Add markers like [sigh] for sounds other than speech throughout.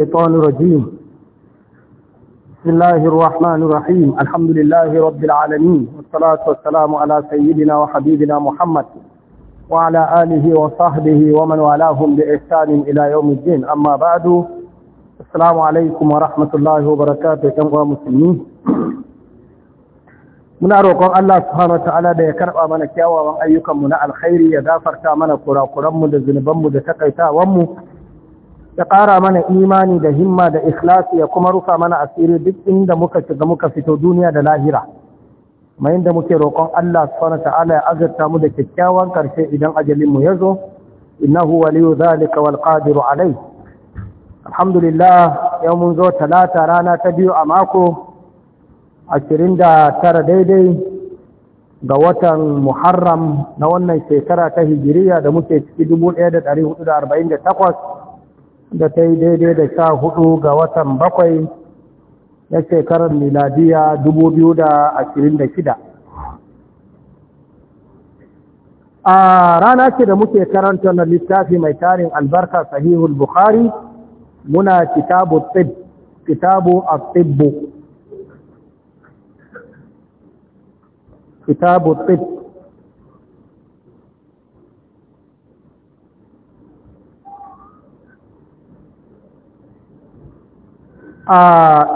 الشيطان الرجيم بسم الله الرحمن الرحيم الحمد لله رب العالمين والصلاة والسلام على سيدنا وحبيبنا محمد وعلى آله وصحبه ومن والاهم بإحسان إلى يوم الدين أما بعد السلام عليكم ورحمة الله وبركاته كما مسلمين muna roƙon Allah subhanahu wataala da ya karɓa mana kyawawan ayyukanmu na alkhairi ya gafarta mana kurakuranmu da zunubanmu da takaitawanmu ya ƙara mana imani da himma da ikhlasi ya kuma rufa mana asiri duk inda muka shiga muka fito duniya da lahira mai inda muke roƙon Allah subhanahu ta'ala ya azurta mu da kyakkyawan karshe idan ajalin mu ya zo innahu waliyu zalika wal qadiru alai alhamdulillah yau mun zo talata rana ta biyu a mako 29 daidai ga watan Muharram na wannan shekara ta Hijiriya da muke ciki 1448 da ta yi daidai da sha hudu ga watan bakwai na shekarar miladiya shida. a rana ce da muke karanta na littafi mai tarin albarka sahihul bukhari muna kitabu tsib kitabu a tsibbo kitabu tsib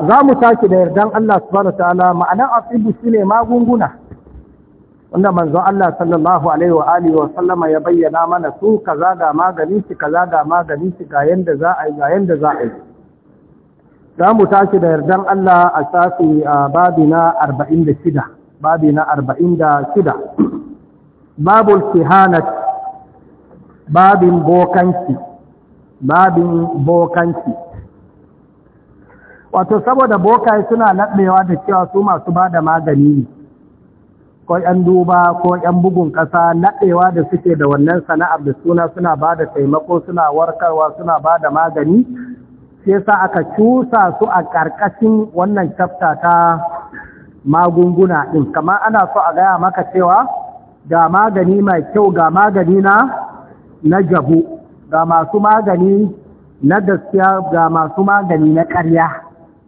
za mu tashi da yardan Allah subhanahu wa ta'ala ma'anar shi ne magunguna wanda manzon Allah sallallahu alaihi wa alihi wa sallama ya bayyana mana su kaza ga magani shi kaza ga magani shi ga yanda za a yi ga yanda za a yi za mu tashi da yardan Allah a shafi babi na 46 babi na 46 babul kihanat babin bokanci babin bokanci wato saboda bokaye suna naɗewa da cewa su masu ba da magani ne ko ‘yan duba ko ‘yan bugun ƙasa naɗewa da suke da wannan sana'ar da suna suna ba da taimako suna warkarwa suna ba da magani sai sa aka cusa su a ƙarƙashin wannan cafta ta magunguna ɗin kama ana so a gaya maka cewa ga magani mai kyau ga magani na na jabu ga masu magani na gaskiya ga masu magani na ƙarya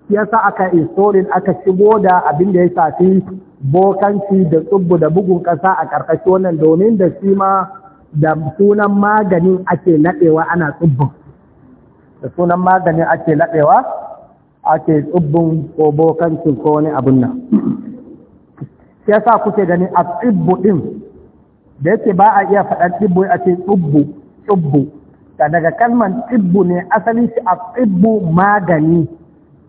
yasa aka istorin aka shigo da abin da ya shafi bokanci da tsubbu da bugun ƙasa a ƙarƙashin wannan domin da shi ma da sunan maganin ake naɗewa ana tsubbun da sunan maganin ake naɗewa ake tsubbun ko bokancin ko wani abin nan yasa kuke gani a tsibbu ɗin da yake ba a iya faɗa tsibbu a ce tsubbu tsubbu daga kalman tsibbu ne asali shi a tsibbu magani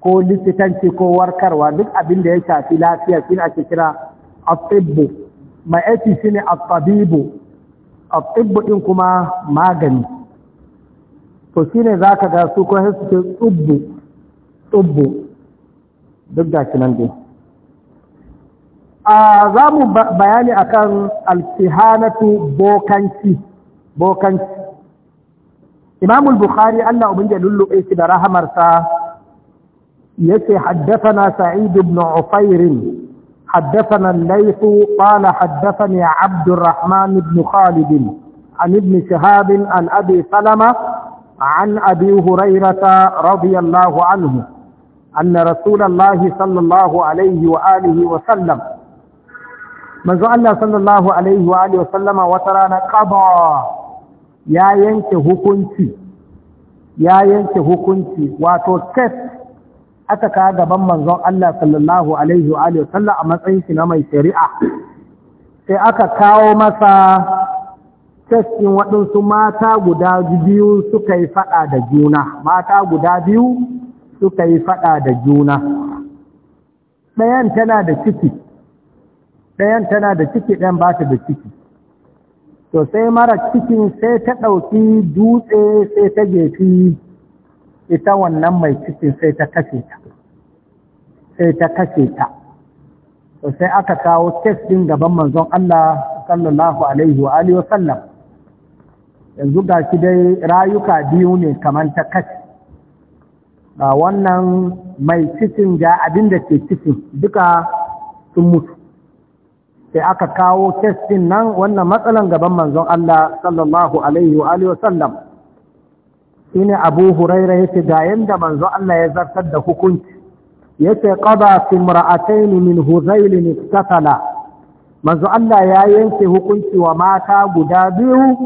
ko likitanci ko warkarwa duk abin da ya shafi lafiya shi ake kira atibbu mai aiki shi ne atabibu atibbu ɗin kuma magani to shi ne za ka ga su ko su ce tsubbu tsubbu duk da shi nan dai a za mu bayani a kan alkihanatu bokanci bokanci imamul bukhari allah ubin jalullu aiki da rahamarsa يتي حدثنا سعيد بن عفير حدثنا الليث قال حدثني عبد الرحمن بن خالد عن ابن شهاب عن أبي سلمة عن أبي هريرة رضي الله عنه أن رسول الله صلى الله عليه وآله وسلم من الله صلى الله عليه وآله وسلم وترانا قضى يا ينك هكونتي يا ينك هكونتي واتو aka ka gaban manzon Allah sallallahu alaihi wa a matsayin shi na mai shari'a sai aka kawo masa cikin waɗansu mata guda biyu suka yi faɗa da juna mata guda biyu suka yi faɗa da juna ɗayan tana da ciki ɗayan tana da ciki ɗayan ba ta da ciki to sai mara cikin sai ta ɗauki dutse sai ta gefi ita wannan mai cikin sai ta kashe ta sai ta kashe ta to sai aka kawo kes din gaban manzon Allah sallallahu alaihi wa alihi wasallam yanzu ga shi dai rayuka biyu ne kamar ta kashe ba wannan mai cikin ga abin da ke cikin duka sun mutu sai aka kawo kes din nan wannan matsalan gaban manzon Allah sallallahu alaihi wa alihi wasallam shine abu huraira yace ga yanda manzo Allah ya zartar da hukunci yace qada fi ne min huzail iktatala manzo Allah ya yanke hukunci wa mata guda biyu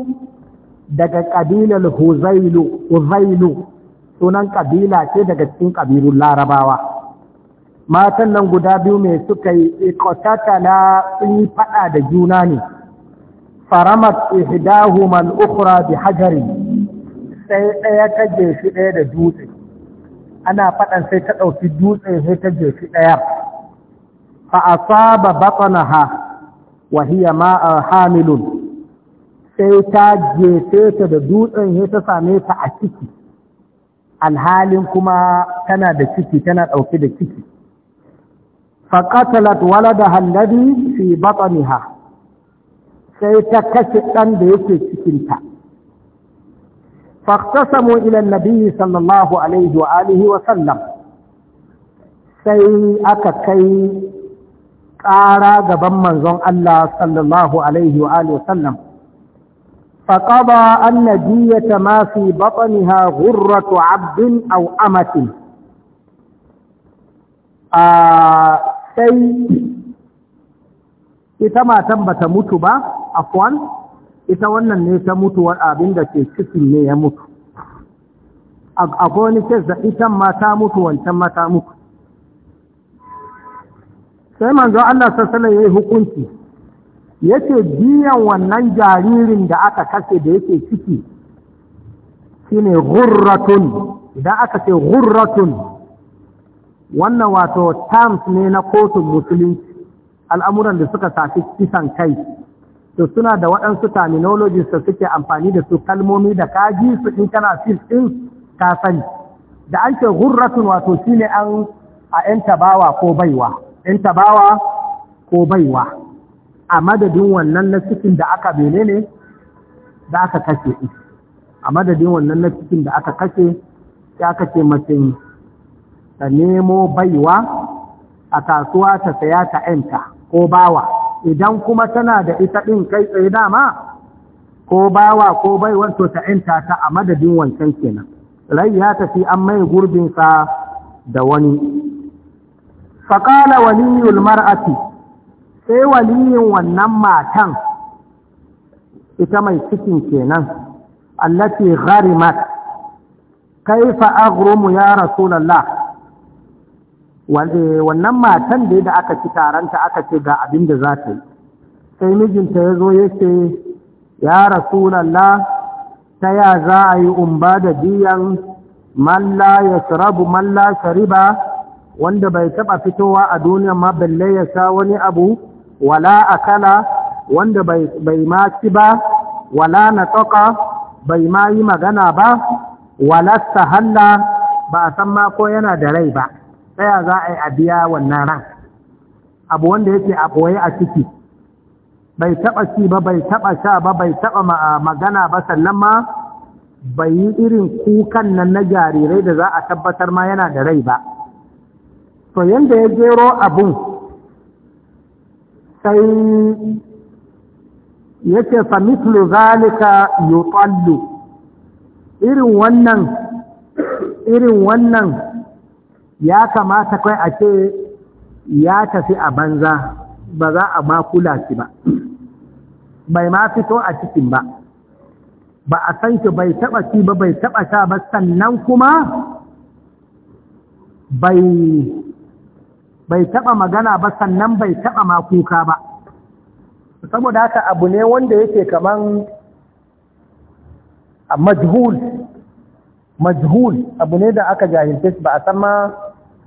daga ƙabilar huzailu huzailu sunan ƙabila ce daga cikin ƙabilun larabawa matan nan guda biyu mai suka yi iktatala sun yi fada da juna ne faramat ihdahuma al-ukhra bi hajarin sai ɗaya ta jefi ɗaya da dutse ana faɗan sai ta ɗauki dutse sai ta jefi ɗaya fa asaba batnaha wa hiya ma'a ah, hamilun sai ta jefe ta da dutsen sai ta same ta a ciki alhalin kuma tana da ciki tana ɗauke da ciki faƙatalat waladaha alladhi fi batniha sai ta kashe ɗan da yake cikinta فاقتسموا إلى النبي صلى الله عليه وآله وسلم sai aka kai ƙara gaban manzon Allah sallallahu alaihi wa alihi wasallam faqada anna diyata ma fi batniha ghurratu 'abdin aw amatin sai ita matan bata mutu ba afwan ita wannan ne ta mutuwar abin da ke cikin ne ya mutu akwai wani kes da itan ma ta mutu wancan ma ta mutu sai manzo Allah sassana ya yi hukunci ya ce biyan wannan jaririn da aka kashe da yake ciki shine gurratun idan aka ce gurratun wannan wato terms ne na kotun musulunci al'amuran da suka safi kisan kai to suna da waɗansu terminologies da suke amfani da su kalmomi da kaji su in kana fil ɗin ka sani da an ce wato shine an a ‘yan tabawa ko baiwa ‘yan tabawa ko baiwa a madadin wannan na cikin da aka bene ne da aka kashe a madadin wannan na cikin da aka kashe ya aka ce mace ta nemo baiwa a kasuwa ta saya ta ‘yanta ko bawa idan kuma tana da ita ɗin kai tsaye dama ko bawa ko bai to ta ta a madadin wancan kenan rai ya tafi an mai gurbinsa da wani faƙala waliyul mar'ati sai waliyin wannan matan ita mai cikin kenan allafi gharimat kaifa aghrumu ya rasulallah Eh, wannan matan da da aka ci taranta aka ce ga abin da za ta yi sai mijinta ya zo ya ce ya rasulallah ta ya za a yi umba da biyan malla ya shirabu malla shariba wanda bai taɓa fitowa a duniya ma balle ya sha wani abu wala a kala. wanda bai ma ci ba wala na tsoka bai ma yi magana ba wala sahalla ba a san mako yana da rai ba tsaya za a yi a biya wannan ran abu wanda yake a ɓoye a ciki bai taɓa ci ba bai taɓa sha ba bai taɓa magana ba sannan ma bai yi irin kukan nan na jarirai da za a tabbatar ma yana da rai ba to yadda ya gero abun sai yake famitlu zalika yutallu irin wannan irin wannan ya kamata kai a ce ya tafi a banza ba za a makula shi ba bai ma fito a cikin ba ba a san shi bai taba shi ba bai taba sha ba sannan kuma bai bai taba magana ba sannan bai taba ma kuka ba saboda haka abu ne wanda yake kaman majhul majhul abu ne da aka jahilce ba a san ma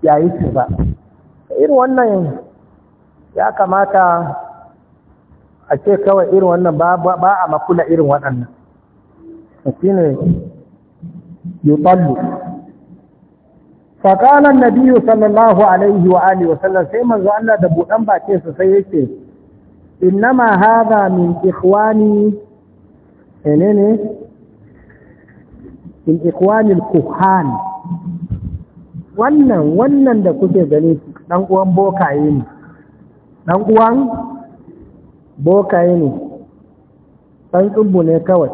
ya yi ba? irin wannan ya kamata a ce kawai irin wannan ba a makula irin waɗannan shi ne yutallu faƙalar nabiyu sallallahu alaihi wa alihi wasallam sai manzo Allah da buɗan bakin su sai yake innama haza min ikwani ne ne min ikwani kuhani. wannan wannan da kuke gani dan uwan bokaye ne dan uwan bokaye ne dan tsubbu ne kawai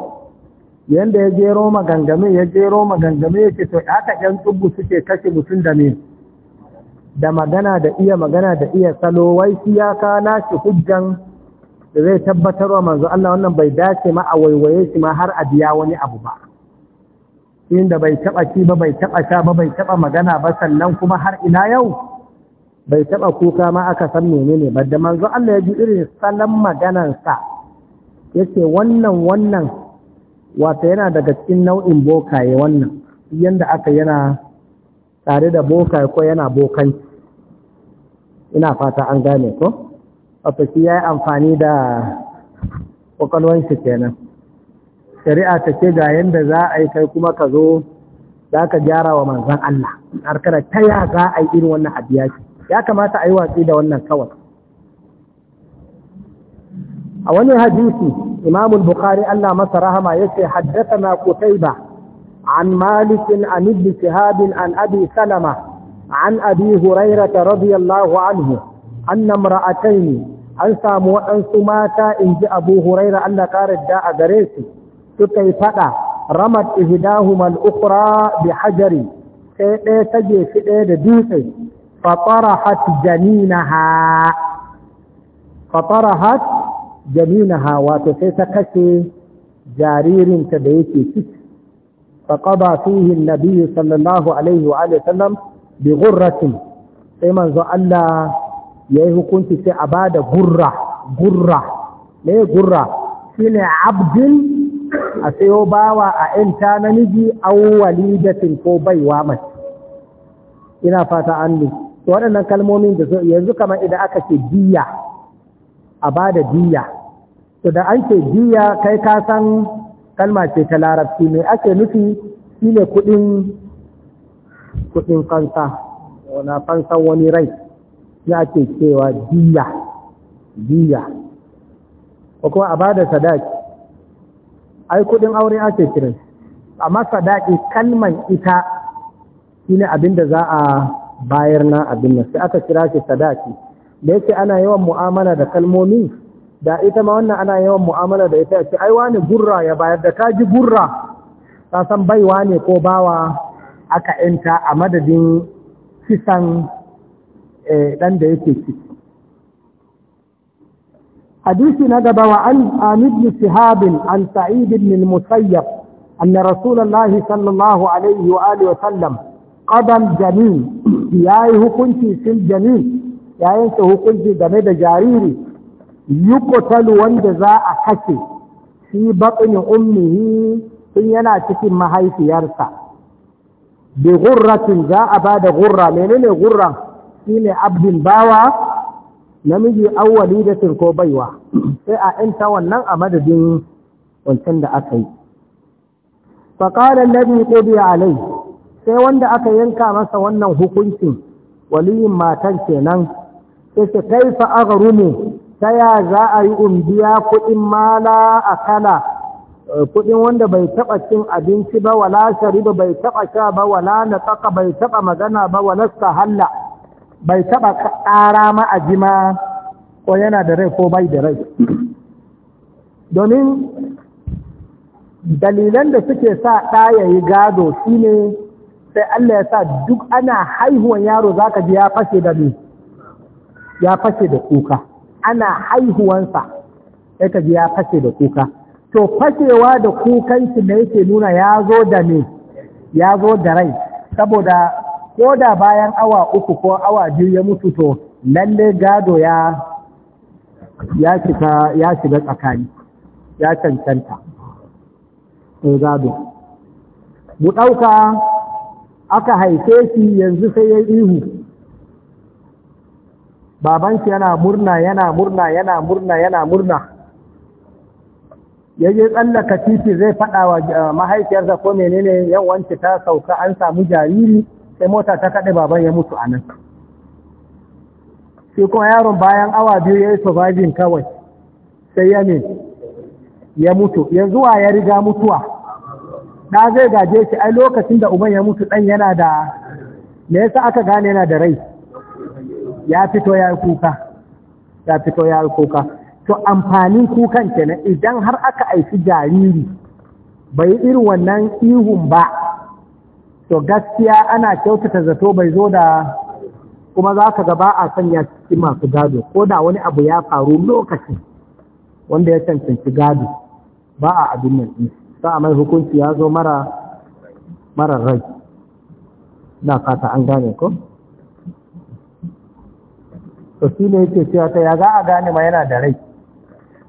yanda ya roma gangame ya jero ya yake to haka yan tsubbu suke kashe mutum da me da magana da iya magana da iya salo wai shi ya kana shi hujjan da zai tabbatarwa manzo Allah wannan bai dace ma a waiwaye shi ma har a biya wani abu ba inda bai taba ci ba bai taba sha ba bai taba magana ba sannan kuma har ina yau bai taɓa kuka ma aka san menene ba da manzo Allah ya ji irin salon sa yace wannan wannan wata yana daga cikin nau'in bokaye wannan yanda aka yana tare da bokaye ko yana bokan ina fata an gane ko? Wato shi ya yi amfani da shi kenan. shari'a ta ce ga yanda za a yi kai kuma ka zo za ka gyara wa manzan Allah har kana ta ya za a yi irin wannan abiyaki. ya kamata a yi watsi da wannan kawai a wani hadisi imamul bukhari Allah masa rahama na haddathana ba, an malik an ibn shihab an abi salama an abi hurairata, radiyallahu anhu an anna imra'atayn an samu waɗansu mata inji abu huraira, Allah kare da a gare su suka faɗa ramad ramar ihidahumar ukura bi hajari sai ɗaya ta jefi ɗaya da dutse fatara hat wato sai ta kashe jaririnta da yake ciki faƙaba suhin na sallallahu alaihi wa alaihi bi gurratin sai manzo Allah ya yi hukunci sai a bada da gurra gurra ne gurra shi ne a sayo bawa a ‘yanta namiji auwali da ko baiwa mace ina fata an ne waɗannan kalmomin da yanzu kamar idan aka ce diya a ba da diya to da an ce diya kai ka san kalma ce ta larabci mai ake nufi shi ne kuɗin fansa na fansan wani rai ya ake cewa diya diya ko kuma a ba da sadaki ai kudin aure ake kiran amma sadaki kalman ita shine abin da za a bayar na abin nan sai aka kira shi sadaki da yake ana yawan mu'amala da kalmomi da ita ma wannan ana yawan mu'amala da ita ce ai wani gurra ya bayar da kaji gurra ta san baiwa ne ko bawa aka yanta a madadin kisan dan eh, da yake ciki hadisi na gaba wa an amid sihabin an sa'id ibn musayyab anna rasulullahi sallallahu alaihi wa wa sallam qadam janin yayi hukunci fil janin ya yanke hukunci game da jariri yuqtalu wanda za a kashe fi batni ummihi tun yana cikin mahaifiyarsa bi gurratin za a ba da gurra menene gurran shine abdin bawa namiji awwali da ko baiwa [clears throat] sai a inta wannan a madadin wancan da aka yi faƙarar nabi ƙobi alai sai wanda aka yanka masa wannan hukuncin waliyin matan kenan sai su kai fa'aga rumu ta ya za a yi umbiya kuɗin mala a kala eh, kuɗin wanda bai taɓa cin abinci ba wala ba bai taɓa sha ba wala na taka bai taɓa magana ba wala halla bai taba ƙara ma'aji ma ko yana da rai ko bai da rai domin dalilan da suke sa ɗa ya yi gado shi ne sai Allah ya sa duk ana haihuwan yaro zaka ji ya fashe da ne ya fashe da kuka ana haihuwansa ya ka ji ya fashe da kuka to fashewa da kukan shi yake nuna ya zo da ne ya zo da rai saboda ko da bayan awa uku ko awa biyu ya mutu to lalle gado ya ya shiga ya shiga tsakani ya cancanta sai gado mu ɗauka aka haife shi yanzu sai ya ihu baban shi yana murna yana murna yana murna yana murna je tsallaka titi zai faɗawa wa eh, mahaifiyarsa ko menene yawanci ta sauka an samu jariri sai mota ta kaɗe baban ya mutu a nan shi kuma yaron bayan awa biyu ya yi surviving kawai sai ya ne ya mutu yanzu wa ya riga mutuwa na zai gaje shi ai lokacin da uban ya mutu ɗan yana da me yasa aka gane yana da rai ya fito ya yi kuka ya fito ya kuka to amfanin kukan kenan idan har aka aiki jariri bai irin wannan ihun ba to gaskiya ana kyautata zato bai zo da kuma za ka gaba a sanya cikin masu gado ko da wani abu ya faru lokacin wanda ya cancanci gado ba a abin nan ɗin sa mai hukunci ya zo mara mara rai na fata an gane ko to shi ne yake cewa ta ya za a gane ma yana da rai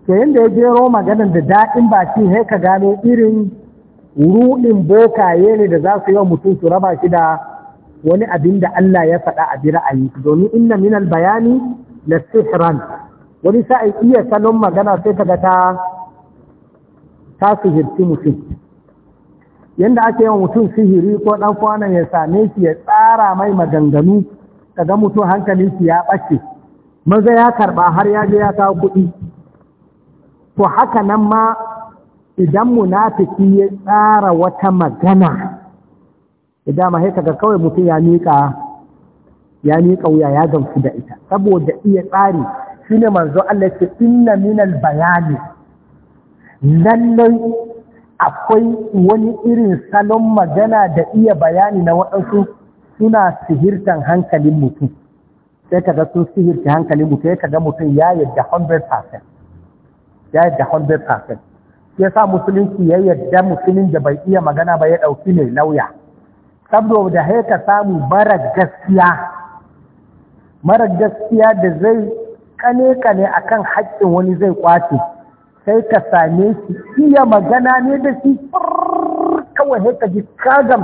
to yadda ya gero maganin da daɗin baki sai ka gane irin ruɗin bokaye ne da za su yi wa mutum su raba shi da wani abin da Allah ya faɗa a bi ra'ayi domin inna minal bayani na sihran wani sa'i iya salon magana sai kaga ta ta sihirci mutum yanda ake yawan mutum sihiri ko ɗan kwanan ya same shi ya tsara mai maganganu kaga mutum hankalin shi ya ɓace maza ya karɓa har ya je ya kawo kuɗi to haka nan ma idan munafiki ya tsara wata magana idan ma ga kawai mutum ya miƙa ya miƙa wuya ya gamsu da ita saboda iya tsari shine manzo Allah ce inna minal bayani lallai akwai wani irin salon magana da iya bayani na waɗansu suna sihirtan hankalin mutum sai kaga sun sihirta hankalin mutum sai kaga mutum ya yadda 100% ya yadda 100% ya sa musulunci ya yadda musulun da bai iya magana ba ya ɗauki mai lauya saboda haika samu mara gaskiya mara gaskiya da zai kane-kane a kan haƙƙin wani zai kwace sai ka same shi iya magana ne da shi kawai haika ji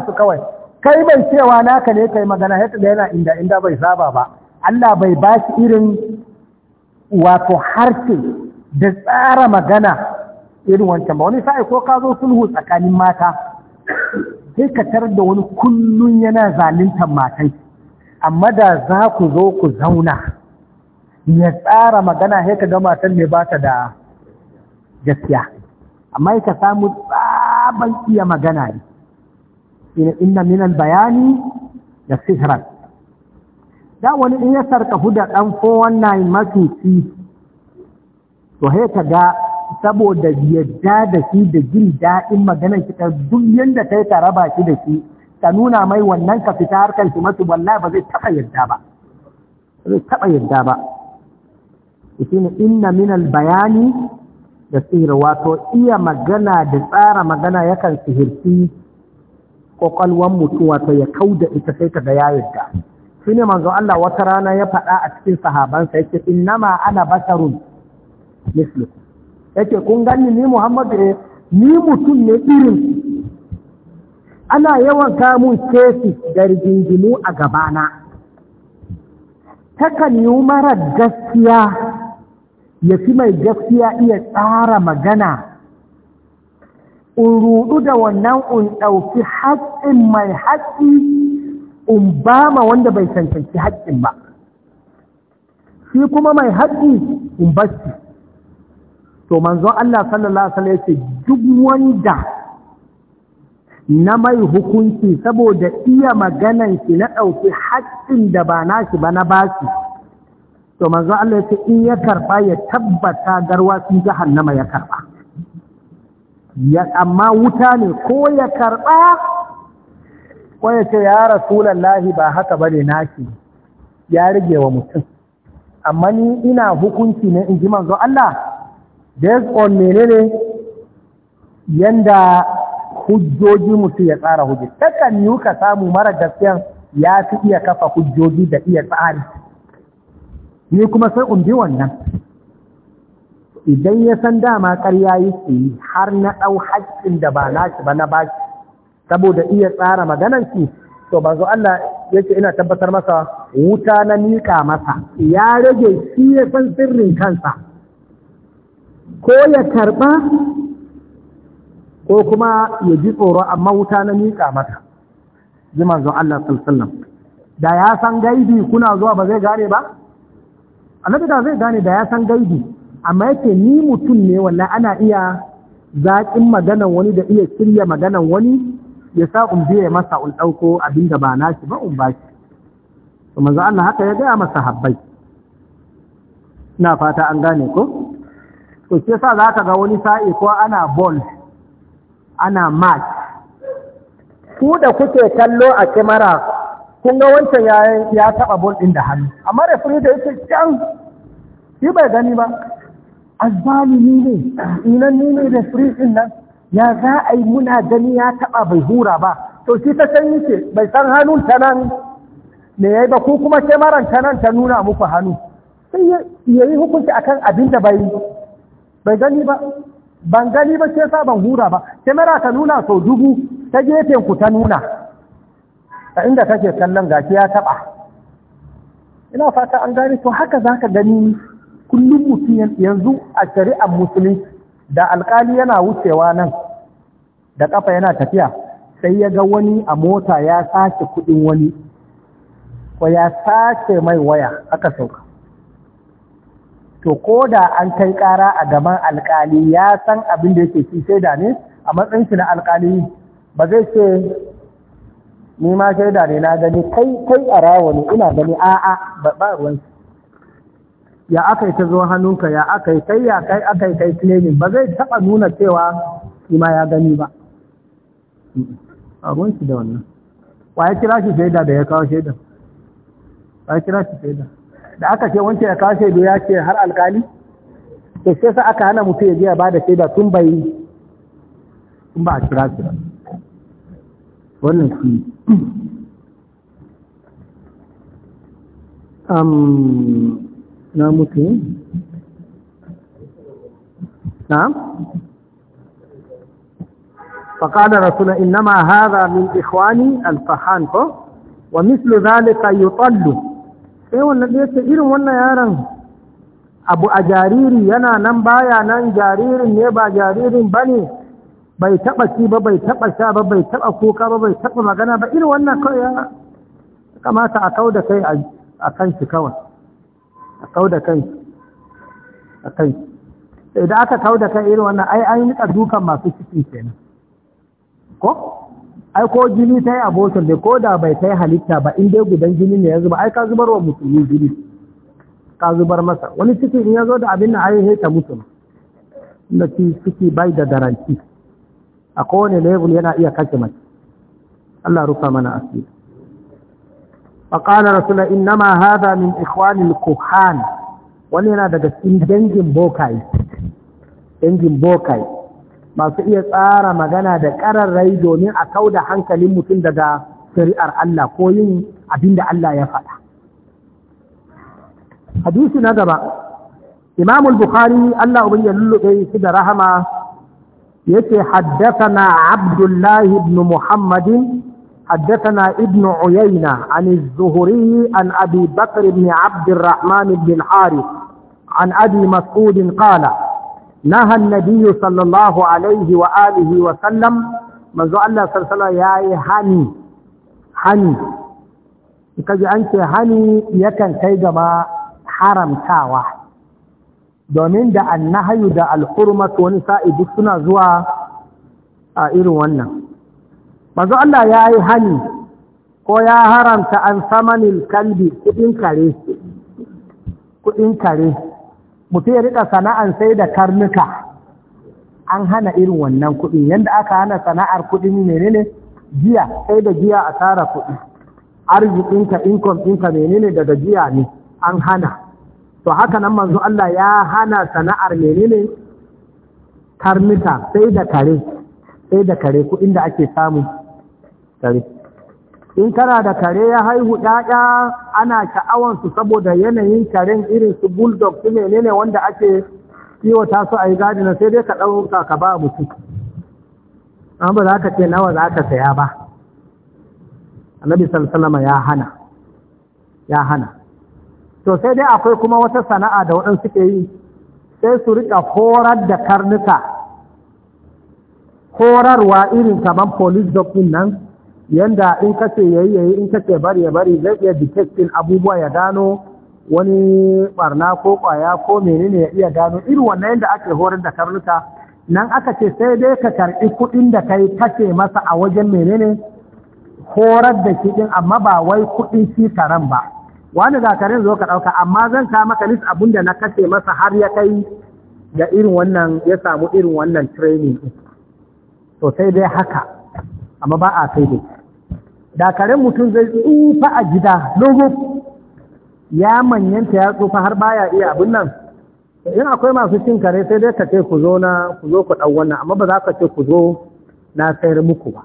su kawai kai bai cewa naka ne kai magana haika da yana inda inda bai saba ba Allah bai ba shi irin wato harshe da tsara magana irin wancan ba wani sa'i ko ka zo sulhu tsakanin mata sai ka tarar da wani kullum yana zaluntar matai amma da za ku zo ku zauna ya tsara magana sai ka ga matan mai ba ta da gaskiya amma ka samu tsaban iya magana ne inna minal bayani da sihran da wani in ya sarkafu da dan 419 mafi to haika ga saboda yadda da shi da jin daɗin maganar kita duk yadda yi tara ba shi da shi ta nuna mai wannan ka fita harkar shi masu wallahi ba zai taɓa yadda ba zai taɓa yadda ba Ishi ne inna minal bayani da tsira wato iya magana da tsara magana yakan sihirci ƙwaƙwalwan mutum wato ya kau da ita sai ka ga ya yadda shi ne manzo Allah wata rana ya faɗa a cikin sahabansa yake innama ana basarun mislukum yake kun gani ni Muhammadu ne ni mutum ne irin ana yawan kamun kesi da rigingimu a gabana takan yi marar gaskiya ya fi mai gaskiya iya tsara magana in rudu da wannan in ɗauki haƙƙin mai haƙƙi in ba ma wanda bai cancanci haƙƙin ba shi kuma mai haƙƙi in bashi to manzon Allah sallallahu alaihi wasallam duk wanda na mai hukunci saboda iya maganan shi na ɗauki haƙƙin da ba nashi ba na bashi to manzo Allah yace in ya karba ya tabbata garwa sun jahannama ya karba ya amma wuta ne ko ya karba ko ya ce ya rasulullahi ba haka bane nashi ya rige wa mutum amma ni ina hukunci ne in ji manzo Allah based on menene yanda hujjoji mutu ya tsara hujji takan yi ka samu mara gaskiyan ya fi iya kafa hujjoji da iya tsari ni kuma sai umbi wannan idan ya san dama yi su yi har na ɗau haƙƙin da ba shi ba na shi saboda iya tsara maganar shi to zo Allah yake ina tabbatar masa wuta na niƙa masa ya rage shi ya san sirrin kansa ko ya karɓa ko kuma ya ji tsoro amma wuta na miƙa mata ji manzon Allah sallallahu da ya san gaibi kuna zuwa ba zai gane ba annabi da zai gane da ya san gaibi amma yake ni mutum ne wallahi ana iya zaƙin maganan wani da iya kirya maganan wani ya sa in ya masa in ɗauko abin da ba nashi ba in baki. manzo Allah haka ya gaya masa habbai na fata an gane ko to ce sa za ka ga wani sa'i ko ana ball ana match ku da kuke kallo a kyamara kun ga wancan ya taɓa ball ɗin da hannu amma referee da yake can shi bai gani ba azzalimi ne inan ni ne referee ɗin nan ya za a yi muna gani ya taɓa bai hura ba to shi ta san yake bai san hannun ta nan me ya yi ba ku kuma kemaran ta nan ta nuna muku hannu sai ya yi hukunci akan abin da bai bai gani ba ban gani ba sai sa ban hura ba kamera ta nuna sau dubu ta gefen ku ta nuna a inda kake kallon gashi ya taba ina fata an gani to haka zaka gani kullum mutum yanzu a shari'ar musulunci da alkali yana wucewa nan da kafa yana tafiya sai ya ga wani a mota ya sace kudin wani ko ya sace mai waya aka sauka to ko da an kai ƙara a gaban alƙali ya san abin da yake shi shaida ne a matsayin shi na alƙali ba zai ce ni ma shaida ne na gani kai kai a rawa ne ina gani a'a ba ba ruwan ya aka yi ta zo hannunka ya aka yi kai ya kai aka yi kai claiming ba zai taɓa nuna cewa shi ma ya gani ba a ruwan shi da wannan wa ya kira shi shaida da ya kawo shaidan wa ya kira shi shaida da aka ce wancan ya kawo shaidu ya ce har alkali to sai sa aka hana mutu ya ziya ba da shaida tun bai tun ba a kira kira wannan shi am na mutu na فقال رسول إنما هذا من إخواني الفحان ومثل ذلك يطل sai wannan da yake irin wannan yaron abu a jariri yana nan baya nan jaririn ne ba jaririn ne bai taba ci ba bai taba sha ba bai taba kuka ba bai taba magana ba irin wannan kawai ya kamata a kauda kai a kan shi kawai a kauda kai a kai idan aka kauda kai irin wannan ai an yi dukan masu cikin kenan ko ai ko jini ta yi abotar da ko da bai ta yi halitta ba in dai gudan jini ne ya zuba ai ka zubar wa musulmi jini ka zubar masa wani ciki in ya zo da abin na ayi ta mutum inda ci ciki bai da daranti a kowane level yana iya kashe mace Allah rufa mana asiri فقال رسول ma hada min ikhwani kuhan wani yana daga cikin dangin bokai dangin bokai masu iya tsara magana da ƙararrai domin a kau da hankalin mutum daga shari'ar Allah ko yin abin da Allah ya faɗa. Hadisi na gaba, Imamul Bukhari Allah ubin ya lullube shi da rahama yake haddatana Abdullahi ibn Muhammadin حدثنا ابن عيينة عن الزهري عن أبي بكر بن عبد الرحمن بن الحارث عن أبي مسعود قال نهى النبي صلى الله عليه وآله وسلم منذ الله صلى الله عليه وسلم ياي هني hani yakan kai gaba haramtawa domin da annahayu da alhurmatu wani sa'i duk suna zuwa a irin wannan manzo Allah ya yi hani ko ya haramta an samanin kalbi kudin kare mutum ya rika sana'an sai da karnuka an hana irin wannan kuɗi yadda aka hana sana'ar kuɗin ne? jiya sai da jiya a tara kuɗi arzikinka income ɗinka ne daga jiya ne an hana to haka nan manzo Allah ya hana sana'ar ne? karnuka sai da kare sai da kare kuɗin da ake samu kare in kana da kare ya haihu ɗaya ana su saboda yanayin karen irin su bulldog su menene wanda ake ta su a yi gadi na sai dai ka ɗauka ka ba mutum an ba za ka ce nawa za ka saya ba annabi sallallahu ya hana ya hana to sai dai akwai kuma wata sana'a da waɗansu suke yi sai su riƙa horar da karnuka horarwa irin kamar police dog nan yanda in kace yayi yayi in kace bari ya bari zai iya detecting abubuwa ya gano wani barna ko kwaya ko menene ya iya gano irin wannan yanda ake horar da karnuka nan aka ce sai dai ka karɓi kuɗin da kai kace masa a wajen menene horar da shi din amma ba wai kuɗin shi karan ba wani ga zo ka ɗauka amma zan ka maka list abun da na kace masa har ya kai da irin wannan ya samu irin wannan training to sai dai haka amma ba a sai dai da karen mutum zai tsufa a gida lugu ya manyanta ya tsufa har baya iya abin nan in akwai masu cin kare sai dai ka ce ku zo na ku zo ku ɗau wannan amma ba za ka ce ku zo na sayar muku ba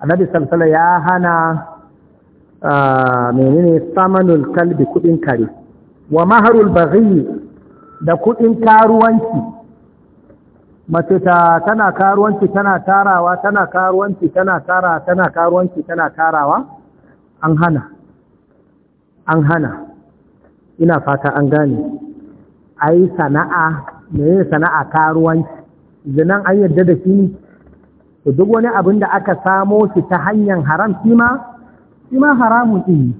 annabi sallallahu ya hana menene samanul kalbi kudin kare wa maharul baghi da kudin karuwanci mace ta tana karuwanci tana tarawa tana karuwanci tana tarawa, tana karuwanci tana tarawa an hana an hana ina fata an gane ai sana'a meye sana'a karuwanci zinan an yadda da shi ne to duk wani abin da aka samo shi ta hanyar haram shi ma shi ma haramun din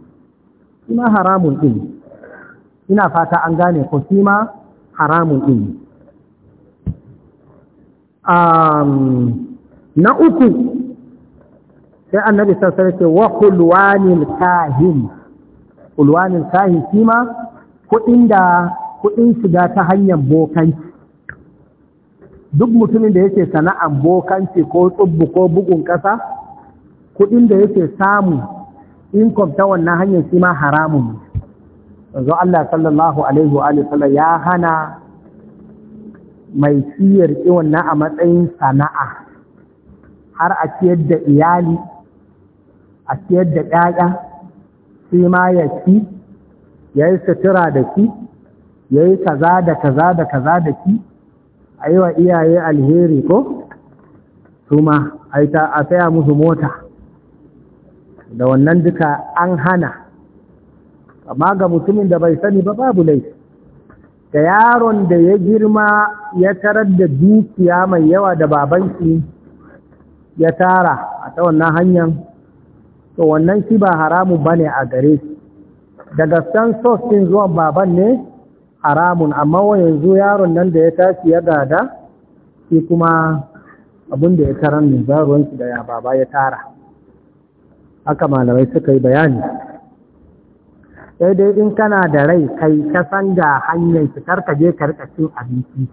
shi ma haramun din ina fata an gane ko shi ma haramun din na uku sai annabi sassar ce wa kulwanin kahin kulwanin kahin shi ma kuɗin da shiga ta hanyar bokanci duk mutumin da yake sana'an bokanci ko tsubbu ko bugun ƙasa kuɗin da yake samu inkom ta wannan hanyar shi ma haramun yanzu Allah sallallahu alaihi wa sallam ya hana mai siyar kiwon na a matsayin sana'a har a ciyar da iyali a ciyar da 'ya'ya shi ma ya ci ya yi sutura da ki, ya yi kaza da kaza da kaza da ki, a yi wa iyaye alheri ko suma a saya musu mota da wannan duka an hana amma ga mutumin da bai sani ba babu laifi da yaron da ya girma ya tarar da dukiya mai yawa da babanki ya tara a ta wannan hanyar to wannan shi ba haramun ba ne a gare shi daga san sos zuwan zuwa baban ne haramun amma wa yanzu yaron nan da ya tashi ya gada shi kuma abin da ya taran ne shi da ya baba ya tara haka malamai suka yi bayani sai dai in kana da rai kai ka san ga hanyar fitar ka je ka rika cin abinci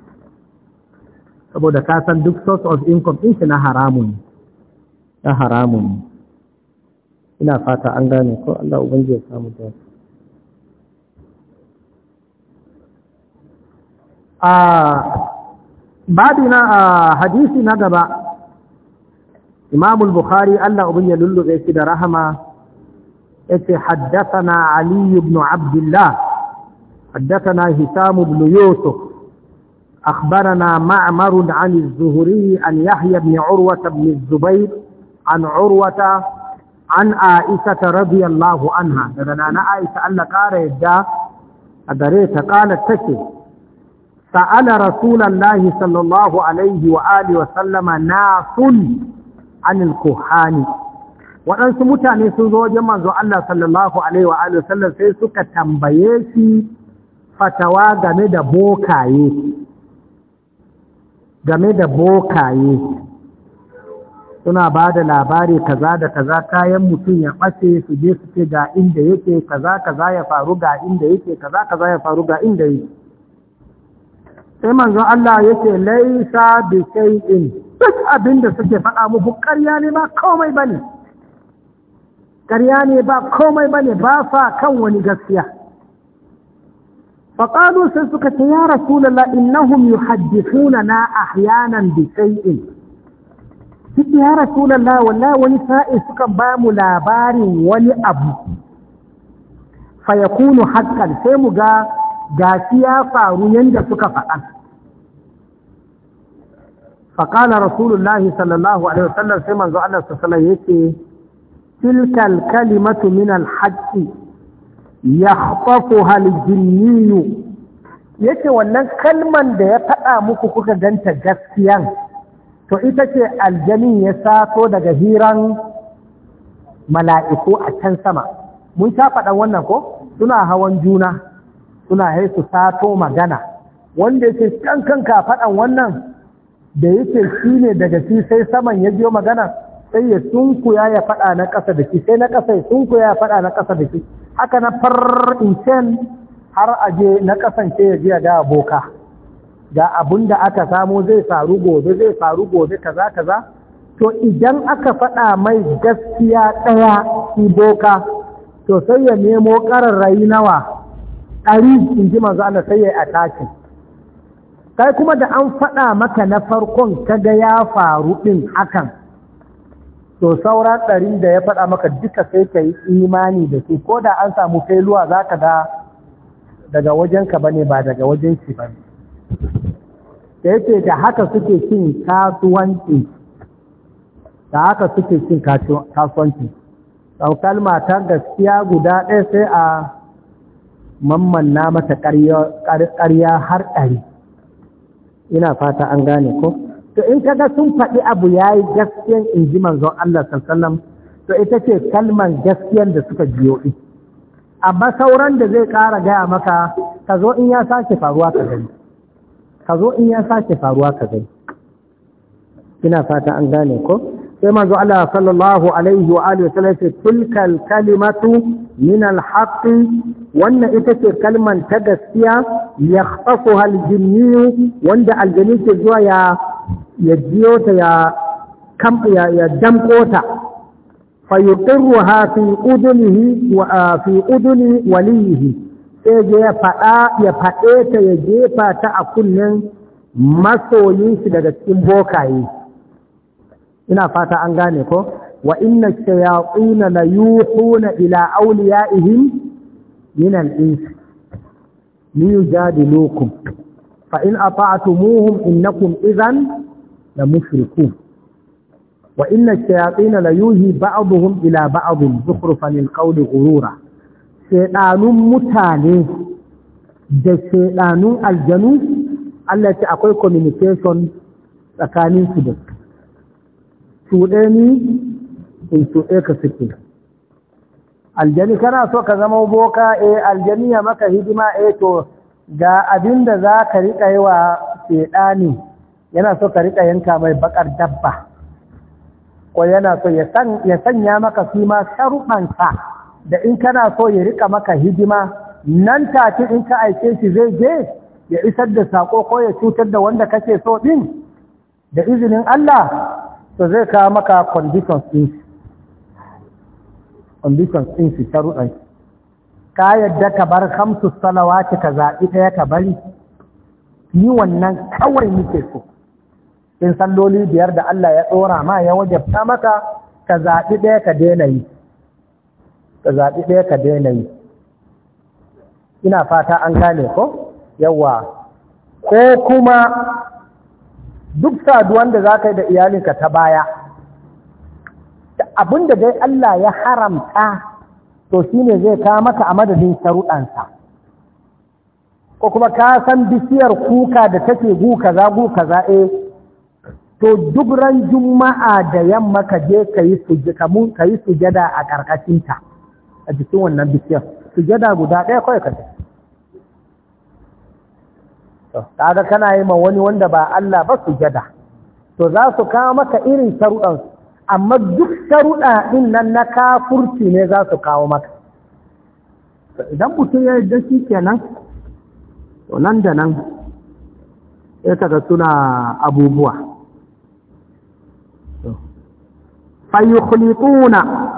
saboda ka san duk source of income din shi na haramun na haramun ina fata an gane ko Allah ubangiji ya samu da a babi na hadisi na gaba Imam al-Bukhari Allah ubangiji ya lullube shi da rahama yace haddathana ali ibn abdullah haddathana hisam ibn yusuf akhbarana ma'mar an az-zuhri an yahya ibn urwa ibn az-zubayr an urwata an aisha radiyallahu anha daga nana aisha Allah kara yadda a gare ta kala take سأل رسول الله صلى الله عليه وآله وسلم ناس عن الكهان waɗansu mutane sun zo wajen manzo Allah sallallahu alaihi wa alihi sallam sai suka tambaye shi fatawa game da bokaye game da bokaye suna ba da labari kaza da kaza kayan mutum ya ɓace su je su ce ga inda yake kaza kaza ya faru ga inda yake kaza kaza ya faru ga inda yake sai manzo Allah yake laisa bi shay'in duk abinda suke faɗa muku ƙarya ne ba komai bane ƙarya ne ba komai ba ne ba sa kan wani gaskiya faƙalu sai suka ce na rasulallah innahum yuhaddithuna na ahyanan bi shay'in kike ya rasulallah wallahi wani sa'i sukan ba mu labarin wani abu fa yakunu haqqan sai mu ga gashi ya faru yadda suka faɗan. faƙala rasulullahi sallallahu alaihi wasallam sai manzo Allah sallallahu alaihi wasallam yake tilkal kalimatu min alhaqqi yakhtafuha aljinniyu yace wannan kalman da ya faɗa muku kuka ganta gaskiyan to ita ce aljanin ya sato daga hiran mala'iku a can sama mun sha faɗan wannan ko suna hawan juna suna haisu sato magana wanda yake kankan ka faɗan wannan da yake shi ne daga shi sai saman ya biyo magana sai ya sunku ya faɗa na ƙasa da shi sai na ƙasa ya sunku ya faɗa na ƙasa da shi haka na far'incen har aje na ƙasance ya jiya da boka ga abun da aka samu zai faru gobe zai faru gobe kaza kaza to idan aka faɗa mai gaskiya ɗaya ki boka to sai ya nemo ƙararrayi nawa ɗari in ji manzo Allah sai ya yi taki kai kuma da an faɗa maka na farkon kaga ya faru ɗin hakan to saura ɗarin da ya faɗa maka duka sai ka yi imani da su ko da an samu failuwa za ka ga daga wajenka ba ne ba daga wajen shi ba ne da yake da haka suke cin kasuwanci da haka suke cin kasuwanci ɗaukar mata gaskiya guda ɗaya sai a na mata ƙarya har ɗari ina fata an gane ko? to in kaga sun faɗi abu ya yi gaskiyan in ji manzon Allah sallallahu to ita ce kalman gaskiyan da suka biyo din amma sauran da zai ƙara gaya maka ka zo in ya sake faruwa ka gani ka zo in ya sake faruwa ka gani ina fata an gane ko sai manzo Allah sallallahu alaihi wa alihi wasallam ce tilkal kalimatu min al wannan ita ce kalman ta gaskiya yakhtafuha al-jinni wanda aljani ke zuwa ya ya jiyo ta ya ya damko ta ha fi udunihi wa uduni walihi sai ya fada ya ta ya jefa ta a kunnen masoyin shi daga cikin bokaye ina fata an gane ko wa inna shayatin la yuhuna ila awliyaihim min al-ins yujadilukum fa in ata'tumuhum innakum idhan da mushriku wa inna shayatin la yuhi ba'dhum ila ba'd zukhrufan alqawl ghurura shaydanun mutane da shaydanun aljanu Allah ce akwai communication tsakanin su da da ni in cuɗe ka suke aljani kana so ka zama boka eh aljani ya maka hidima eh to ga abin da za ka riƙa yi wa shaidani yana so ka riƙa yanka mai baƙar dabba ko yana so ya sanya maka fi ma sharuɗansa da in kana so ya riƙa maka hidima nan take in ka aike shi zai je ya isar da sako ko ya cutar da wanda kake so ɗin da izinin Allah to zai kawo maka conditions ɗin conditions ɗin shi sharuɗan ka yadda ka bar hamsu salawati ka zaɓi ɗaya ka bari ni wannan kawai muke so in salloli biyar da Allah ya tsora ma ya wajabta maka ka zaɓi ɗaya ka daina yi ka zaɓi ɗaya ka daina yi ina fata an gane ko yawa ko kuma duk saduwan da za ka yi da iyalinka ta baya abin da dai Allah ya haramta to shi ne zai ta maka a madadin sharuɗansa ko kuma ka san bishiyar kuka da take gu kaza guka za'e eh, to duk ran juma'a da yamma ka je ka yi ka yi sujada a ƙarƙashinta a jikin wannan bishiyar sujada guda ɗaya kawai ka to kaga kana yi ma wani wanda ba Allah ba sujada to za su kawo maka irin sharuɗan amma duk sharuɗa ɗin nan na kafurci ne za su kawo maka idan mutum ya yi da shi kenan to nan da nan ya kaga suna abubuwa fayukhlituna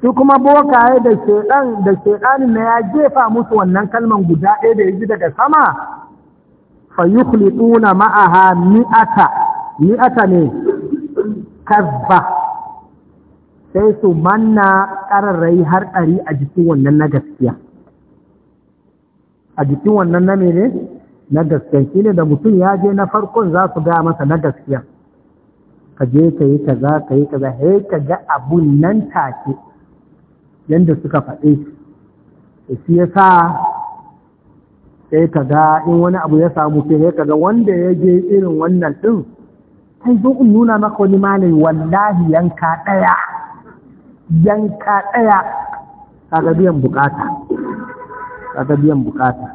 su kuma bokaye da shedan da shedanin na ya jefa musu wannan kalman guda ɗaya da yaji daga sama fayukhlituna ma'aha mi'ata mi'ata ne kazba sai su manna ƙararrai har ɗari a jikin wannan na gaskiya a jikin wannan na mene na gaskiya shi ne da mutum ya je na farkon za su gaya masa na gaskiya ka je ka yi kaza ka yi kaza he ka ga abun nan take yadda suka faɗe shi shi sa, sai ka ga in wani abu ya samu ke ka ga wanda ya je irin wannan ɗin, kai zo in nuna maka wani malai wallahi yanka ɗaya yanka ɗaya kaga biyan bukata kaga biyan bukata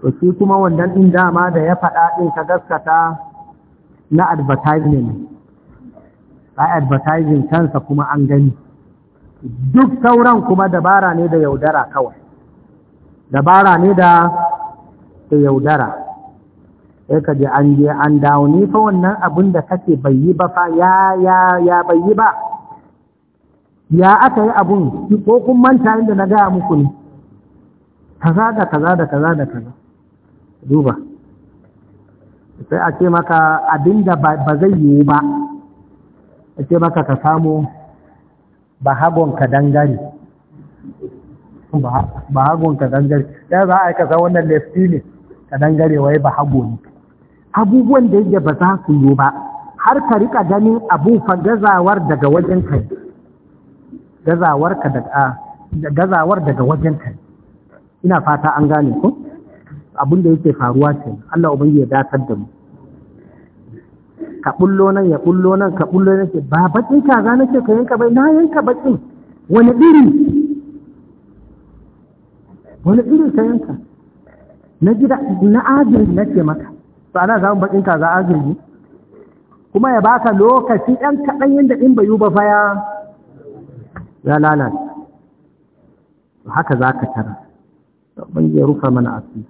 to kuma wannan ɗin dama da ya faɗa ɗin ka gaskata na advertisement ba advertising kansa kuma an gani duk sauran kuma dabara ne da yaudara kawai dabara ne da da yaudara sai ka je an je an dawo ni fa wannan abin da kake bayyi ba fa ya ya ya bayyi ba ya aka yi abun ko kun manta inda na gaya muku ne kaza da kaza da kaza da kaza duba sai a ce maka abinda ba zai yiwu ba a ce maka ka samu ba hagonka dangare ba hagonka dangare ya za a za wannan lefti ne ka dangare wai ba hago ne abubuwan da yake ba za su yiwu ba har ka rika ganin abun fa gazawar daga wajen kai gazawar daga wajen kai ina fata an gane ku abin da yake faruwa ce Allah ubangi ya datar da mu ka bullo nan ya bullo nan ka bullo nake ba bakin kaza nake ka yanka bai na yanka bakin wani iri wani iri ka yanka na gida na agiri nake maka to ana samun bakin kaza azumi. kuma ya baka lokaci ɗan kaɗan yadda in bayu ba fa ya lalata haka za ka tara ban ya rufa mana asiri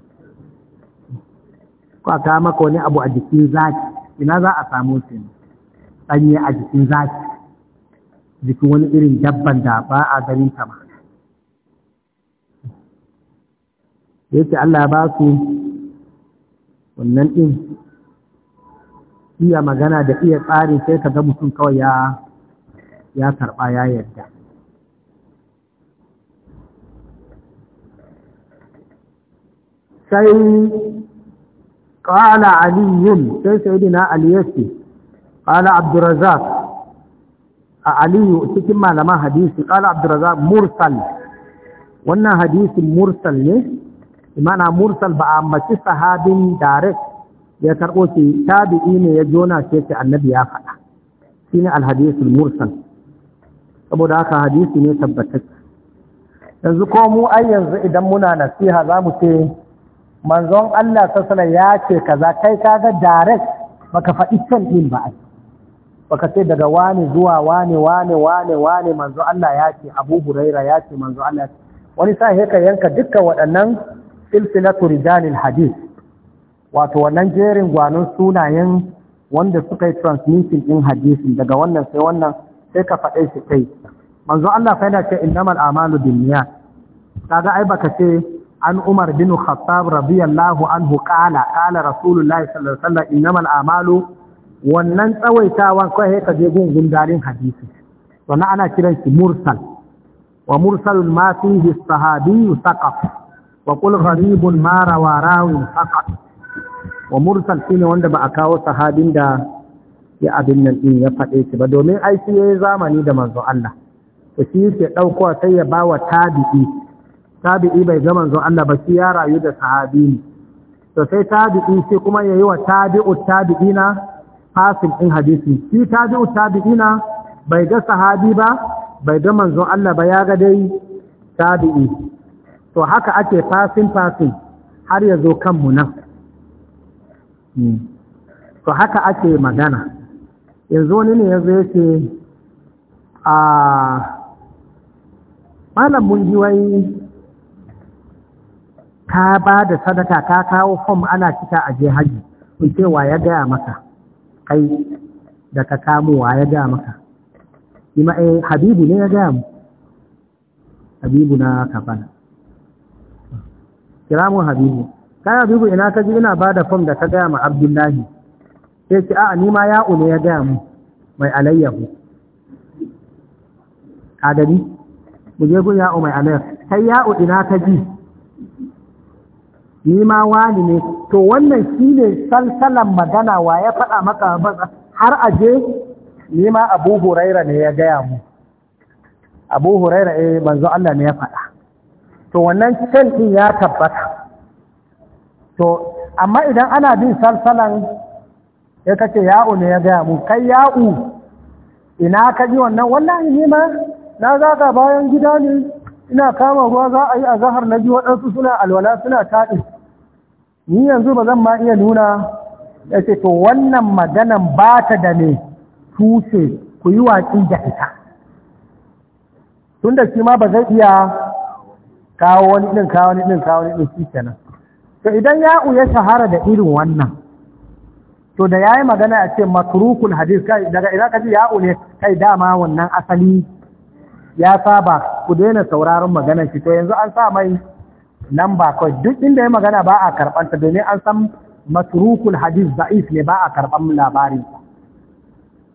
ko a maka wani abu a jikin zaki ina za a samu shi sanye a jikin zaki jikin wani irin dabban da ba a ganin ta ba yake Allah ba su wannan ɗin iya magana da iya tsari sai ka ga mutum kawai ya ya karɓa ya yarda sai قال علي سيدنا علي يسي قال عبد الرزاق علي تكما لما حديثي قال عبد الرزاق مرسل wannan hadisin mursal ne imana mursal ba a mace sahabin direct ya karɓo shi tabi'i ne ya jona ce ce annabi ya faɗa shi ne alhadisul mursal saboda haka hadisi ne tabbatacce yanzu ko mu ai yanzu idan muna nasiha za mu ce manzon Allah sassana ya ce kaza kai kaga direct baka faɗi can ɗin ba ai baka ce daga wani zuwa wani wani wani wani manzon Allah ya ce Abu Huraira ya ce manzon Allah ya ce wani sa ka yanka dukkan waɗannan silsilatu rijalil hadith wato wannan jerin gwanon sunayen wanda suka yi transmission din hadisin daga wannan sai wannan sai ka faɗe shi kai manzo Allah fa yana ce innamal a'malu binniyat kaga ai baka ce an Umar bin Khattab radiyallahu anhu qala kala Rasulullahi sallallahu alaihi wasallam innamal a'malu wannan tsawaitawan kai ka je gungun hadisi wannan ana kiran shi mursal wa mursalun ma fihi sahabi saqaf wa qul gharibun ma rawa rawi wa mursal shine wanda ba a kawo sahabin da ya abin nan din ya fade shi ba domin ai shi yayi zamani da manzo Allah to shi ke dauko sai ya bawa tabi'i tabi'i bai ga manzon Allah ba shi ya rayu da sahabi ne to sai tabi'i sai kuma yayi wa tabi'u tabi'ina fasil in hadisi shi tabi'u tabi'ina bai ga sahabi ba bai ga manzon Allah ba ya ga dai tabi'i to haka ake fasin fasin har ya zo kan mu nan hmm. to haka ake magana yanzu wani ne yanzu yake a ah, malam mun wai ka ba da sadaka ka kawo fom ana cika a je haji in ce wa ya gaya maka kai da ka kamo wa ya gaya maka ima eh habibu ne ya gaya mu habibu na kafana kira mu habibu kai habibu ina ka ji ina ba da fom da ka gaya ma abdullahi sai ce a ni ma ya'u ne ya gaya mu mai alayyahu adadi mu je gun ya'u mai alayyahu kai ya'u ina ka ji ni ma wani ne to wannan shi ne salsalan magana wa ya faɗa maka har aje ni ma abu huraira ne ya gaya mu abu huraira eh manzo Allah ne ya faɗa to wannan can ɗin ya tabbata to amma idan ana bin salsalan ya kace ya'u ne ya gaya mu kai ya'u ina ka ji wannan wallahi ni ma na zaga bayan gida ne ina kama ruwa za a yi a zahar na ji waɗansu suna alwala suna taɗin ni yanzu ba zan ma iya nuna ya ce to wannan maganan ba ta da ne tushe ku yi watsi da ita tun da shi ma ba zai iya kawo wani ɗin kawo wani ɗin kawo wani ɗin shi kenan to idan ya'u ya shahara da irin wannan to da yayi magana a ce matrukul hadis kai daga idan ka ji ya'u ne kai dama wannan asali ya saba ku daina sauraron maganar shi to yanzu an sa mai nan ba kawai duk inda ya magana ba a karɓanta domin an san matrukul hadis za'if ne ba a karɓan labarin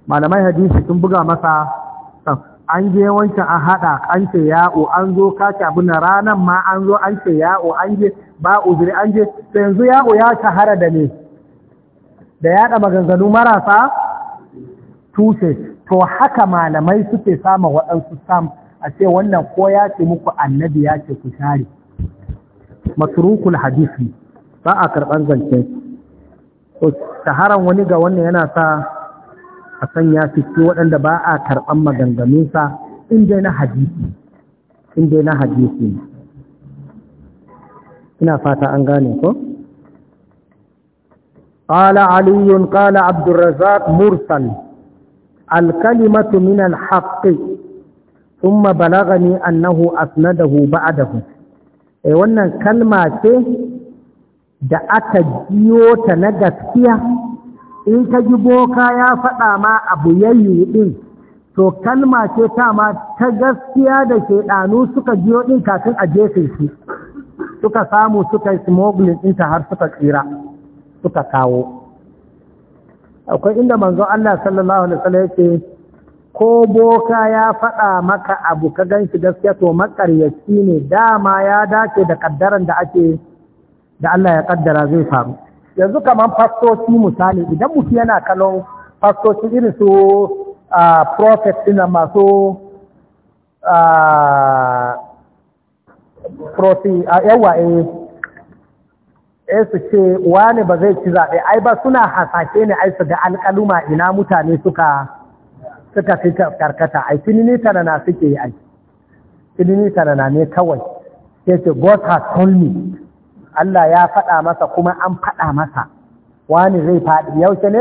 malamai hadisi sun buga masa an je wancan an haɗa an ce ya'o an zo kace abin ranan ma an zo an ce ya'o an je ba uzuri an je sai yanzu ya'o ya shahara da ne da ya ɗa maganganu marasa tushe to haka malamai suke sama waɗansu sam a ce wannan ko ya ce muku annabi ya ce ku share matrukul hadisi ba a karɓar zancen wani ga wannan yana sa a sanya fiki waɗanda ba a karɓar maganganunsa inda na hadisi inda na hadisi ina fata an gane ko قال علي قال عبد الرزاق مرسل الكلمة من الحق ثم بلغني أنه أسنده بعده eh wannan kalma ce da aka jiyo ta na gaskiya in ka ji boka ya faɗa ma abu yayi din, to kalma ce ta ma ta gaskiya da ke ɗanu suka jiyo din kafin a jefe shi suka samu suka yi smuggling ɗinta har suka tsira suka kawo akwai inda manzo Allah sallallahu alaihi wasallam yake ko boka ya faɗa maka abu ka gan shi gaskiya to makaryaci ne dama ya dace da kaddaran da ake da Allah ya kaddara zai faru yanzu kamar fastoci misali idan mutum yana kallon fastoci irin su a prophet ɗina masu profi a yawa eh, eh su ce wani ba zai ci zaɓe ai ba suna hasashe ne ai su ga alƙaluma ina mutane suka suka fi karkata ai fininita tana na suke yi ai fininita tana na ne kawai sai ce God has told me Allah ya faɗa masa kuma an faɗa masa wani zai faɗi yaushe ne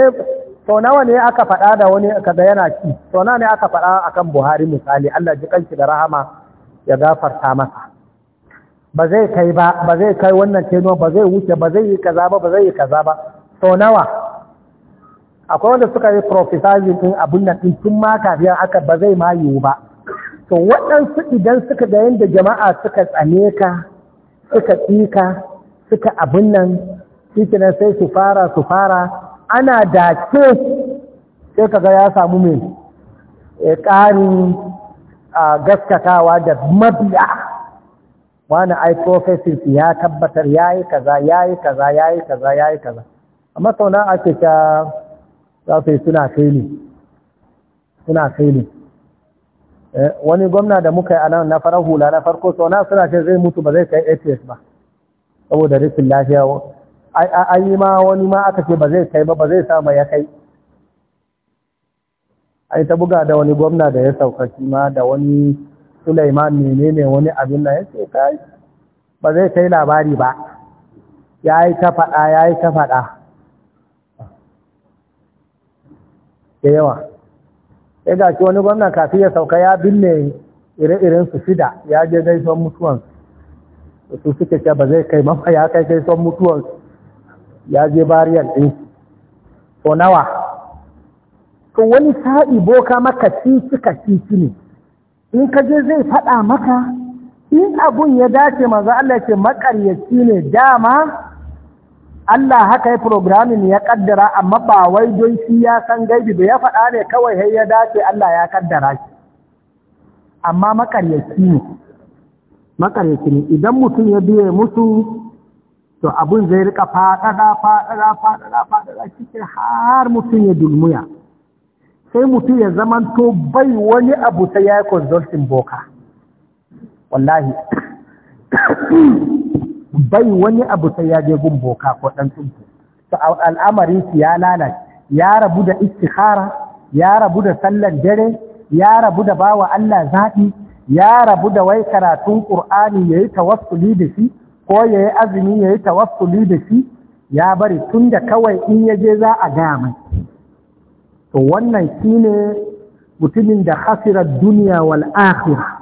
so nawa ne aka faɗa da wani kaza yana ci so nawa ne aka faɗa akan Buhari misali Allah ji kanki da rahama ya gafarta masa ba zai kai ba ba zai kai wannan teno ba zai wuce ba zai yi kaza ba ba zai yi kaza ba so nawa akwai wanda suka yi prophesizing din abun nan din tun ma kafiyar aka ba zai ma yiwu ba to waɗansu idan suka ga yadda jama'a suka tsane ka suka tsika suka abin nan shi nan sai su fara su fara ana dace sai kaga ya samu mai eh, ƙarin gaskatawa da mabiya wani ai profesis ya tabbatar ya yi kaza ya yi kaza ya yi kaza ya yi kaza amma sau ake ta za su yi suna failing suna failing eh, wani gwamna da muka yi a nan na farar hula na farko sau na suna ce zai mutu ba zai kai ats ba saboda rikin lafiya an yi ma wani ma aka ce ba zai kai ba ba zai sama ya kai ai ta buga da wani gwamna da ya sauka shi ma da wani Sulaiman menene wani abin ya ce kai ba zai kai labari ba yi ta fada yi ta fada da yawa ya gashi wani gwamna kafin ya sauka ya binne ire-iren su shida ya je son mutuwan su suke ce ba zai kai mafa [laughs] ya kai son mutuwan ya je bariyan ɗin so nawa to wani sa'i boka maka cici ka cici ne in ka je zai faɗa maka in abun ya dace maza Allah ce makaryaci ne dama Allah haka ya programin ya kaddara amma ba wai don shi ya san gaibi ba ya faɗa ne kawai ya ya dace Allah ya kaddara shi amma makaryaki ne makaryaki ne idan mutum ya biye musu to abun zai rika faɗaɗa faɗaɗa faɗaɗa faɗaɗa cikin har mutum ya dulmuya sai mutum ya zama to bai wani abu sai ya yi consulting boka wallahi [coughs] bai wani abu sai ya je gun boka ko ɗan tsunku to al'amarin su ya lalace ya rabu da istikhara ya rabu da sallar dare ya rabu da bawa Allah zaɓi ya rabu da wai karatun Qur'ani yayi tawassuli da shi ko yayi azumi yayi tawassuli da shi ya bari tun da kawai in ya je za a gaya mai to wannan shine mutumin da khasira duniya wal akhirah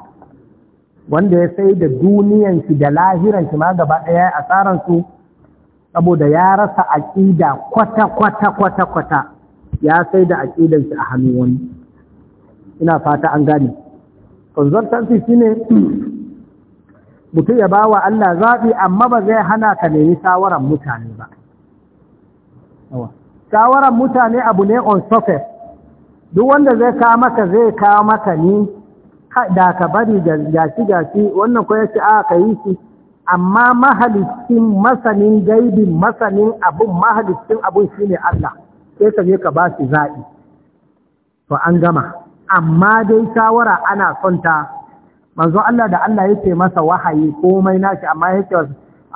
wanda ya sai da duniyan shi da lahiran shi ma gaba ɗaya a tsaran su saboda ya rasa aƙida kwata kwata kwata kwata ya sai da aƙidansu shi a hannu wani ina fata an gane consultancy shine [clears throat] mutum ya bawa Allah zaɓi amma ba zai hana ka nemi shawaran mutane ba shawaran mutane abu ne on surface duk wanda zai kawo maka zai kawo maka ni da ka bari da gashi gashi wannan ko yace a ah, ka yi shi amma mahalicin masanin gaibin masanin abun mahalicin abun shine Allah sai ka je ka ba shi zaɓi to an gama amma dai shawara ana son ta manzo Allah da Allah yake masa wahayi komai nashi amma yake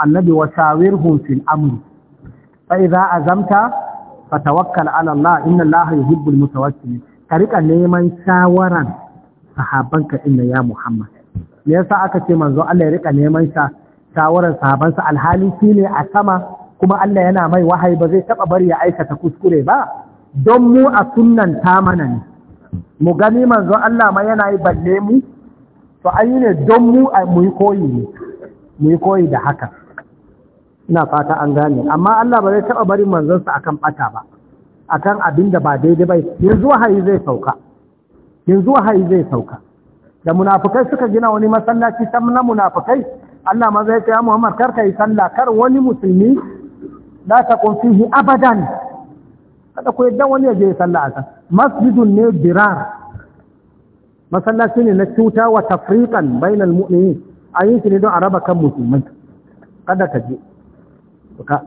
annabi wasawirhum Amru. fil amr fa idza azamta fatawakkal ala Allah inna Allah yuhibbul mutawakkilin ka rika neman shawaran sahabanka inna ya Muhammad me yasa aka ce manzo Allah ya rika neman sa shawaran sahabansa alhali shine a sama kuma Allah yana mai wahayi ba zai taba bari ya aikata kuskure ba don mu a sunnan ta mana ne mu gani manzo Allah ma yana yi balle mu to an yi ne don mu a mu yi koyi ne mu yi koyi da haka ina fata an gane amma Allah ba zai taba bari manzonsa akan bata ba akan abin da ba daidai ba yanzu wahayi zai sauka yanzu wahayi zai sauka da munafukai suka gina wani masallaci ta na munafukai Allah ma zai kaya Muhammad kar ka yi sallah kar wani musulmi ta taqum fihi abadan kada ku yadda wani ya je sallah a masjidun ne dirar masallaci ne na cuta wa tafriqan bainal mu'minin ayin shi ne don a raba kan musulmai kada ka je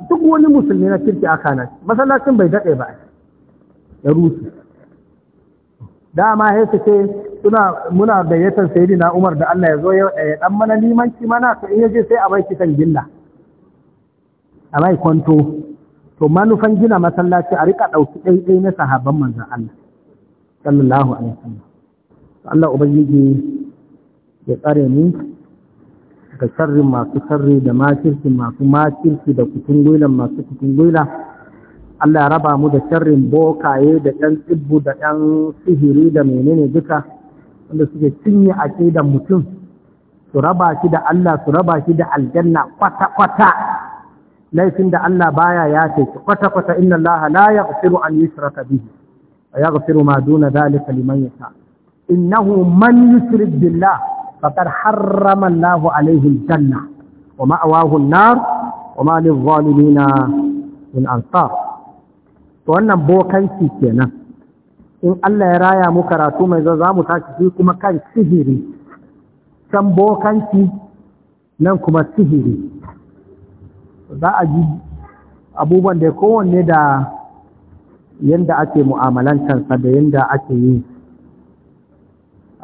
duk wani musulmi na kirki aka nan masallacin bai daɗe ba ya rusu dama ya su ce suna muna gayyatar na Umar da Allah ya zo ya ɗan mana limanci mana to in je sai a bai kitan gilla a bai kwanto to manufan gina masallaci a rika ɗauki ɗaiɗai na sahabban manzan Allah sallallahu alaihi wasallam Allah ubangiji ya tsare ni da sharrin masu sharri da makirki masu makirki da kutungula masu kutungula Allah raba mu da sharrin bokaye da ɗan tsibbu da ɗan sihiri da menene duka wanda suke cinye aƙidan mutum su raba shi da Allah su raba shi da aljanna kwata-kwata laifin da Allah baya ya ce kwata-kwata inna Allah la yaghfiru an yushraka bihi wa yaghfiru ma duna dhalika liman yasha innahu man yushrik billah faqad harrama Allahu alayhi al-janna wa ma'awahu an-nar wa ma lil-zalimin min ansar to wannan bokanci kenan in Allah ya raya mu karatu mai za mu tashi shi kuma kan sihiri can bokanci nan kuma sihiri za a ji abubuwan da kowanne da yadda ake mu'amalantarsa da yadda ake yi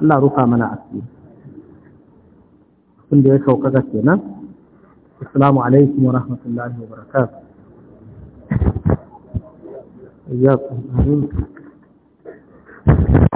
Allah rufa mana asiri kun da ya sauƙaƙa kenan assalamu alaikum wa rahmatullahi wa barakatuh إياكم آمين